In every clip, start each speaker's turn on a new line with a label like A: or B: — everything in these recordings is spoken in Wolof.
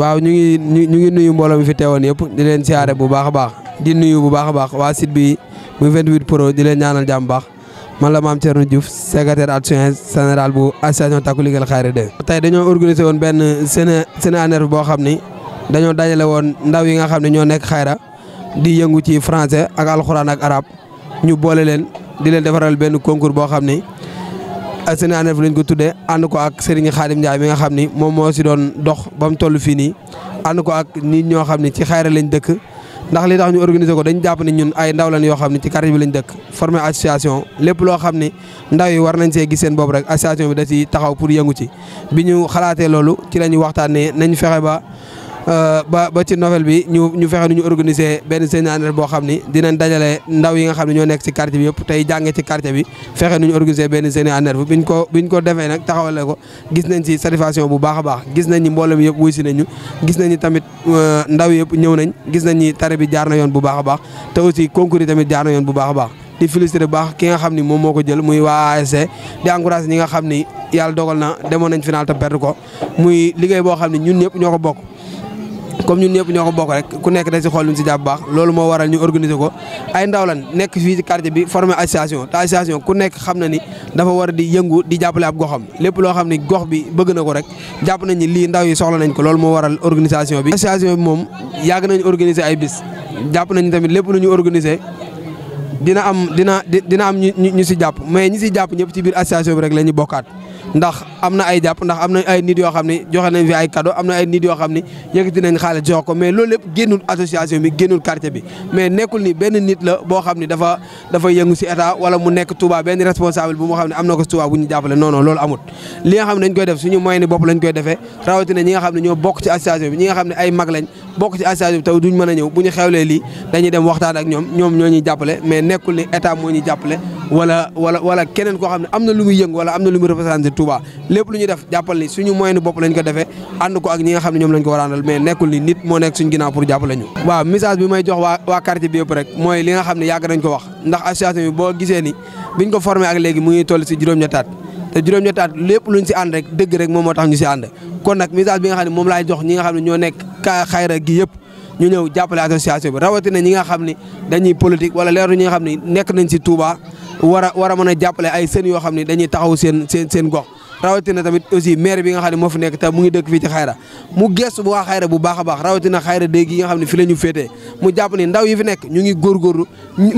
A: waaw ñu ngi ñu ngi nuyu mbooloo mi fi teewoon yëpp di leen siyaare bu baax a baax di nuyu bu baax a baax waa site bi muy 28 pro di leen ñaanal jàmm baax man la maam Thierno Diouf secrétaire adjoint général bu association takku liggéeyal xayri de tey dañoo organisé woon benn sene séminaire boo xam ni dañoo dajale woon ndaw yi nga xam ne ñoo nekk xayra di yëngu ci français ak alxuraan ak arab ñu boole leen di leen defaral benn concours boo xam ni seen ANF lañ ko tuddee ànd ko ak Serigne Khadim Ndiaye ni moom moo si doon dox ba mu toll fii nii ànd ko ak nit ñoo xam ni ci xayra lañ dëkk ndax li tax ñu ko dañ jàpp ne ñun ay ndaw lañ yoo xam ne ci quartier bi lañ dëkk former association lépp loo xam ne ndaw yi war nañ see gis seen bopp rek association bi da ci taxaw pour yëngu ci bi ñu xalaatee loolu ci la ñu waxtaanee nañ fexe ba Euh, ba ba ci novel bi ñu ñu fexe nu ñu organiser benn séminaire boo xam ni dinañ dajale ndaw yi nga xam ne ñoo nekk ci quartier bi yëpp tey jànge ci quartier bi fexe nu ñu organiser benn séminaire bi biñ ko biñ ko defee nag taxawale ko gis nañ si satisfaction bu baax a baax gis nañ ni mbooloo mi yëpp wuy si nañu gis nañ ni tamit euh, ndaw yëpp ñëw nañ gis nañ ni tare bi jaar na yoon bu baax a baax te aussi concours yi tamit jaar na yoon bu baax a baax di féliciter bu baax ki nga xam ni moom moo ko jël muy waa ASC di ñi nga xam ni yàlla dogal na demoon nañ final te ko muy liggéey boo xam ni ñun ñëpp ñoo ko bokk comme ñu ñëpp ñoo ko bokk rek ku nekk da si xool lu si jàpp baax loolu moo waral ñu organiser ko ay ndaw nekk fii ci quartier bi formé association te association ku nekk xam na ni dafa war di yëngu di jàppale ab goxam lépp loo xam ni gox bi bëgg na ko rek jàpp nañ ni lii ndaw yi soxla nañ ko loolu moo waral organisation bi. association bi moom yàgg nañ organiser ay bis jàpp nañ tamit lépp lu ñu organiser dina am dina dina am ñu ñu si jàpp mais ñu si jàpp ñëpp ci biir association bi rek la ñu bokkaat ndax am na ay jàpp ndax am na ay nit yoo xam ne joxe nañ fi ay kado am na ay nit yoo xam ne yëkkati nañ xaalis jox mais loolu lépp génnul association bi génnul quartier bi mais ni benn nit la boo xam ne dafa dafa yëngu si état wala nekk Touba benn responsable bu mu xam ne am na ko si Touba bu loolu amut li nga xam ne dañ koy def su moyen ni bopp lañ koy defee rawatina ñi nga xam ne ñoo bokk ci association bi ñi nga xam ne ay mag lañ bokk ci association bi taw duñ mën a ñëw bu ñu xewlee lii dañuy dem waxtaan ak ñoom ñoom ñoo ñuy jàppale mais nekkul ni état moo ñuy jàppale wala keneen koo xam ne am na lu muy yëngu wala am na lu muy représenté Touba lépp lu ñuy def jàppal ni suñu moyen bopp lañ ko defee ànd ko ak ñi nga xam ne ñoom lañ ko war a mais nekkul ni nit moo nekk suñ ginnaaw pour jàppale ñu waaw message bi may jox waa waa quartier bi yëpp rek mooy li nga xam wax ndax association bi boo gisee ni biñ ko formé ak léegi mu ngi toll si juróom-ñetti at te juróom-ñetti at lépp luñ si ànd rek dëgg rek moom moo tax ñu si ànd kon nag message bi nga xam ne moom laay jox ñi nga xam ne ñoo nekk kaa xayra gi yëpp ñu ñëw jàppale association bi rawatina ñi nga xam ne dañuy politique wala leeru ñi nga xam ne nekk nañ si Touba war a war a mën a jàppale ay seen yoo xam ne dañuy taxaw seen seen seen gox rawatina tamit aussi maire bi nga xam ne moo fi nekk te mu ngi dëkk fii ci xayra mu gestu bu waa xayra bu baax a baax rawatina xayra déeg yi nga xam ne fi la ñu féetee mu jàpp ni ndaw yi fi nekk ñu ngi góorgóorlu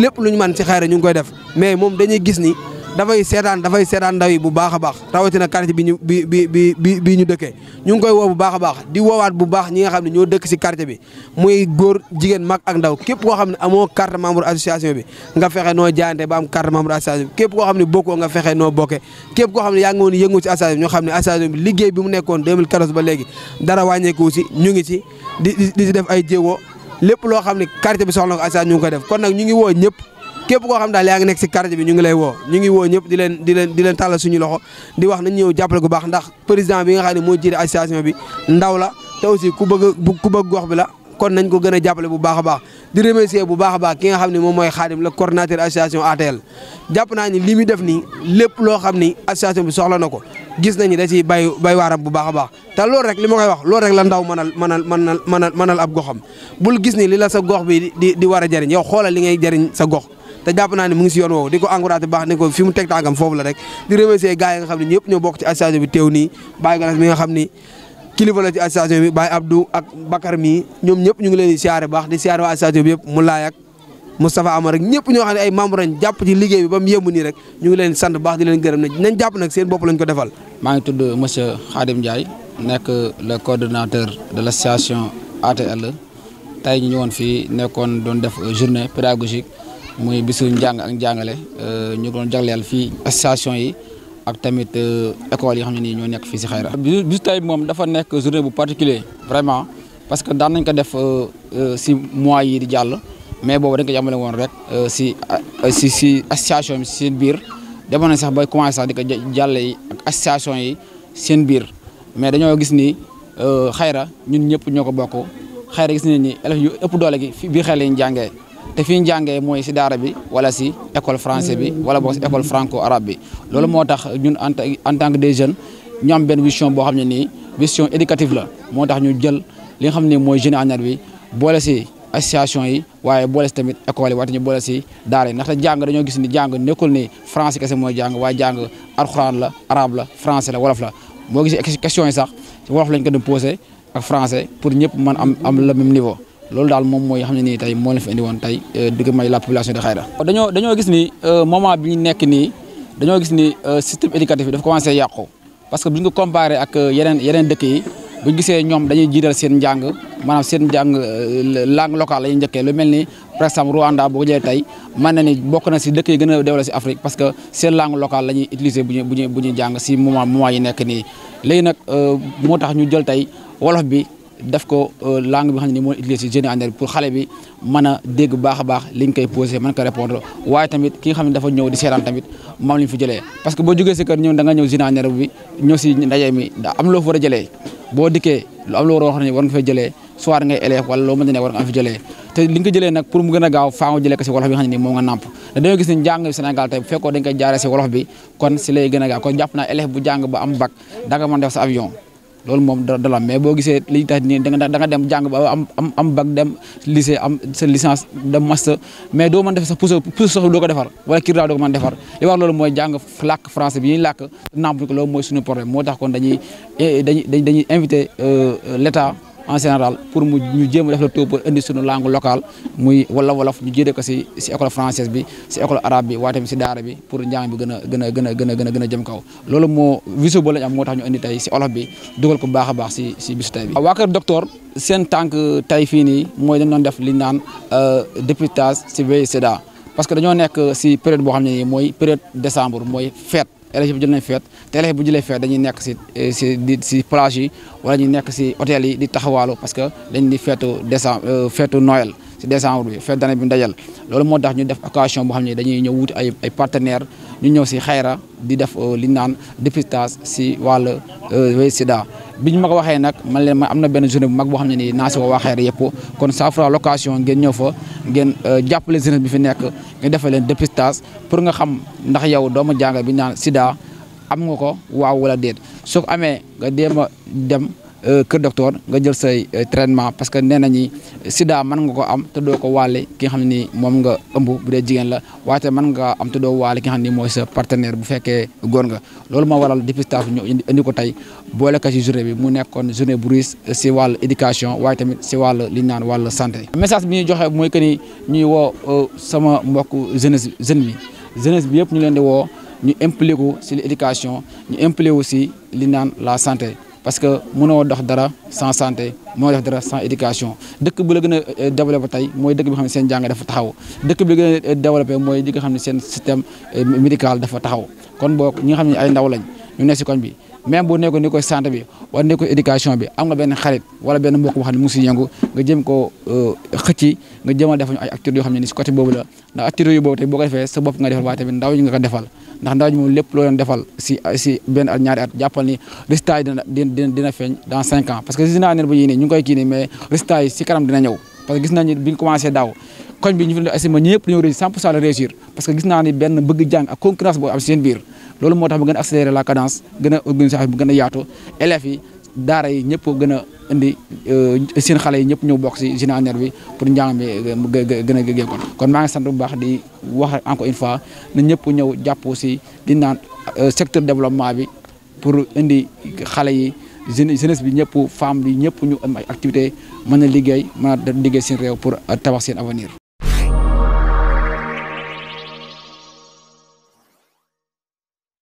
A: lépp lu ñu mën si xayra ñu ngi koy def mais moom dañuy gis ni dafay seetaan dafay seetaan ndaw bu baax a baax rawatina quartier bi ñu bi bi bi bi dëkkee ñu ngi koy woo bu baax baax di woowaat bu baax ñi nga xam ne ñoo dëkk si quartier bi muy góor jigéen mag ak ndaw képp koo xam ne amoo carte membre association bi nga fexe noo jaayante ba am carte membre association bi képp koo xam ne bokkoo nga fexe noo bokke képp koo xam ne yaa ngi woon yëngu si association bi ñoo xam ne association bi liggéey bi mu nekkoon 2014 ba léegi dara wàññeeku si ñu ngi si di di si def ay jéego lépp loo xam ne quartier bi soxla ko ñu ngi koy def kon nag ñu ngi woo ñëpp képp koo xam daal yaa ngi nekk si quartier bi ñu ngi lay woo ñu ngi woo ñëpp di leen di leen di leen tàllal suñu loxo di wax nañ ñëw jàppale ko baax ndax président bi nga xam ne moo jiite association bi ndaw la te aussi ku bëgg ku bëgg gox bi la kon nañ ko gën a jàppale bu baax a baax di remercier bu baax a baax ki nga xam ne moom mooy Xaadim la coordinateur association ATL jàpp naa ni lii muy def nii lépp loo xam ni association bi soxla na ko gis nañu da si bay bay waaram bu baax a baax te loolu rek li ma koy wax loolu rek la ndaw mënal mënal mënal mënal ab goxam bul gis ni li la sa gox bi di di war a jëriñ xoolal li ngay jëriñ sa gox te jàpp naa ne mu ngi si yoon woowu di ko encouragé baax ne ko fi mu teg tànkam foofu la rek di remercier gars yi nga xam ne ñëpp ñoo bokk ci association bi tew nii bàyyi galas mi nga xam ni kilifa la ci association bi Baye Abdou ak Bakar mii ñoom ñëpp ñu ngi leen di siyaare baax di siyaare waa association bi yëpp mu laay ak Moustapha Amar rek ñëpp ñoo xam ne ay membre lañ jàpp ci liggéey bi ba mu nii rek ñu ngi leen sant baax di leen gërëm ne nañ jàpp nag seen bopp ko defal
B: maa ngi tudd monsieur Khadim Ndiaye nekk le coordonnateur de la ATL tey ñëwoon fii nekkoon doon def journée pédagogique muy bisu njàng ak njàngale euh, ñu doon jagleel fii association yi ak tamit euh, école yi xam ne nii ñoo nekk fii si Xayra. bisu tey moom dafa nekk journée bu particulier vraiment parce que daan nañ ko def euh, si mois yi di jàll mais boobu dañ ko jàmmale woon rek si si si association bi seen biir demoon nañ sax bay commencé sax di ko jàlle yi ak association yi seen biir mais dañoo gis ni Xayra ñun ñëpp ñoo ko bokk Xayra gis nañ ni élèves yu ëpp doole gi fii biir Xayra lañ jàngee. te fi ñu jàngee mooy si daara bi wala si école français bi wala boo si école franco arabe bi loolu moo tax ñun en tant que des jeunes ñu am benn vision boo xam ne nii vision éducative la moo tax ñu jël li nga xam ne mooy jeune ANAT bi boole si association yi waaye boole si tamit école yi waaye ñu boole si daara yi ndaxte jàng dañoo gis ni jàng nekkul ni français kese mooy jàng waaye jàng alxuraan la arabe la français la wolof la boo gisee question yi sax wolof lañ ko posé ak pour ñëpp mën am am le même niveau loolu daal moom mooy xam ne nii tey moo leen fi indi woon tey euh, digg may la population de Xayra dañoo gis ni euh, moment bi ñu nekk nii dañoo gis ni euh, système éducatif bi dafa commencé yàqu parce que bu ñu ko ak yeneen yeneen dëkk yi gisee ñoom dañuy jiital seen njàng maanaam seen njàng lang locale la ñuy njëkkee lu mel ni par exemple Rwanda boo ko jëlee tey mën na ni bokk na si dëkk yi gën a développé si Afrique parce que seen langue locale la ñuy bu ñu bu ñu bu ñuy jàng si moment moment yi nekk nii léegi nag moo tax ñu jël tey wolof bi def ko euh, langue bi nga xam ne moo utilisé si jeune bi pour xale bi mën a dégg baax a baax liñ koy posé mën ko répondre waaye tamit ki nga xam ne dafa ñëw di seetaan tamit moom lañ fi jëlee parce que boo jógee si kër ñëw nga ñëw jeune bi mi am loo fa war a jëlee boo dikkee lu am loo a wax ne jëlee soir ngay élève wala te li jëlee nag pour mu gën a gaaw faa nga jëlee ko si wolof bi nga xam ne nii moom nga nàmp da dañoo gis ne jàng bi Sénégal tey bu fekkoo dañ koy jaaree si wolof bi a gaaw avion loolu moom da la mais boo gisee li tax nii da nga dem jàng ba am am am bac dem lycée am sa licence dem master mais doo man def sax puso sax doo ko defar wala kii daa doo ko mën defar li war loolu mooy jàng làkk français bi ñuy làkk nàmp ko loolu mooy suñu problème moo tax kon dañuy eh, dañuy dañuy invité euh, l'État en général pour mu ñu jéem a def la tout pour indi suñu langue locale muy wala wolof ñu jëlee ko si école française bi si école arabe bi waaye tamit si daara bi pour njàng bi gën a gën a a a a jëm kaw loolu moo visu ba lañ am moo tax ñu indi tey si olof bi dugal ko baax a baax si si bisu tey bi waa kër docteur seen tànk tey fii mooy dañ def li naan euh, dépistage si VIH/Sida parce que dañoo nekk si période boo xam ne mooy période décembre mooy fête élèves bi jël nañ feet te élèves bu jëlee feet dañuy nekk si eh, si si plage yi wala ñuy nekk si hôtel yi di taxawaalu parce que dañ di feetu décembre euh, feetu Noël si décembre bi feetu d'année bi ñu dajal loolu moo tax ñu def occasion boo xam ne dañuy ñëw wut ay ay partenaires ñu ñëw si xayra di def euh, li naan dépistage si wàll euh, Sida biñ ma ko waxee nag man leen ma am na benn journée bu mag boo xam ne nii naa si ko waxee rek yëpp kon saafara location ngeen ñëw fa ngeen euh, jàppale jeunesse bi fi nekk ngeen defal leen dépistage pour nga xam ndax yow doomu jàngal bi naan sida am nga ko waaw wala déet soo ko amee nga dem a dem Euh, kër docteur nga jël say euh, traitement parce que nee nañu sida man nga ko am te doo ko wàlle ki nga xam ni moom nga ëmb bu dee jigéen la waaye mën nga am te doo wàlle ki nga xam ni mooy sa partenaire bu fekkee góor nga loolu moo waral dépistage bi ñu indi ko tey boole ko si journée bi mu nekkoon journée bu riche si wàllu éducation waaye tamit si wàllu li naan wàllu santé. message bi ñuy joxe mooy que ni ñuy woo euh, sama mbokk jeunesse jeune bi jeunesse bi yëpp ñu leen di woo ñu impliqué si l'éducation ñu impliqué wu li naan la santé. parce que mënoo dox dara sans santé mënoo def dara sans éducation dëkk bu la gën a euh, développé tey mooy dëkk bi xam ne seen jàng dafa taxaw dëkk bi la gën euh, mooy li nga xam ne seen système euh, médical dafa taxaw kon boog ñi nga xam ne ay ndaw lañ ñu ne si koñ bi même bu nekkoon ni koy santé bi wala ni koy éducation bi am nga benn xarit wala benn mbokk boo xam ne mu si nga jëm ko xëcci nga jëmal defal ñu ay acteurs yoo xam ne ni si côté boobu la ndax acteurs yu boobu tey boo ko defee sa bopp nga defal waaye tamit ndaw ñi nga ko defal ndax ndaw ñi moom lépp loo leen defal si si benn a ñaari at jàppal ni résultat yi dina dina dina feeñ dans cinq ans parce que résultat yi si kanam dina ñëw parce que gis nañu bi ñu commencé daaw koñ bi ñu réussir 100 pour cent réussir parce que gis naa ni benn bëgg jàng ak concurrence boo am si seen biir loolu moo tax mu gën a accélérer la cadence gën a organisation bu gën a yaatu élèves yi daara yi ñëpp gën a indi euh, seen xale yi ñëpp ñëw bokk si ginaar bi pour njàng mi gën a gën kon kon maa ngi sant bu baax di wax encore une fois na ñëpp ñëw jàpp si di naan euh, secteur développement bi pour indi xale yi jeunesse bi ñëpp fem bi ñëpp ñu am ay activité mën a liggéey mën a liggéey seen réew pour euh, tabax seen avenir.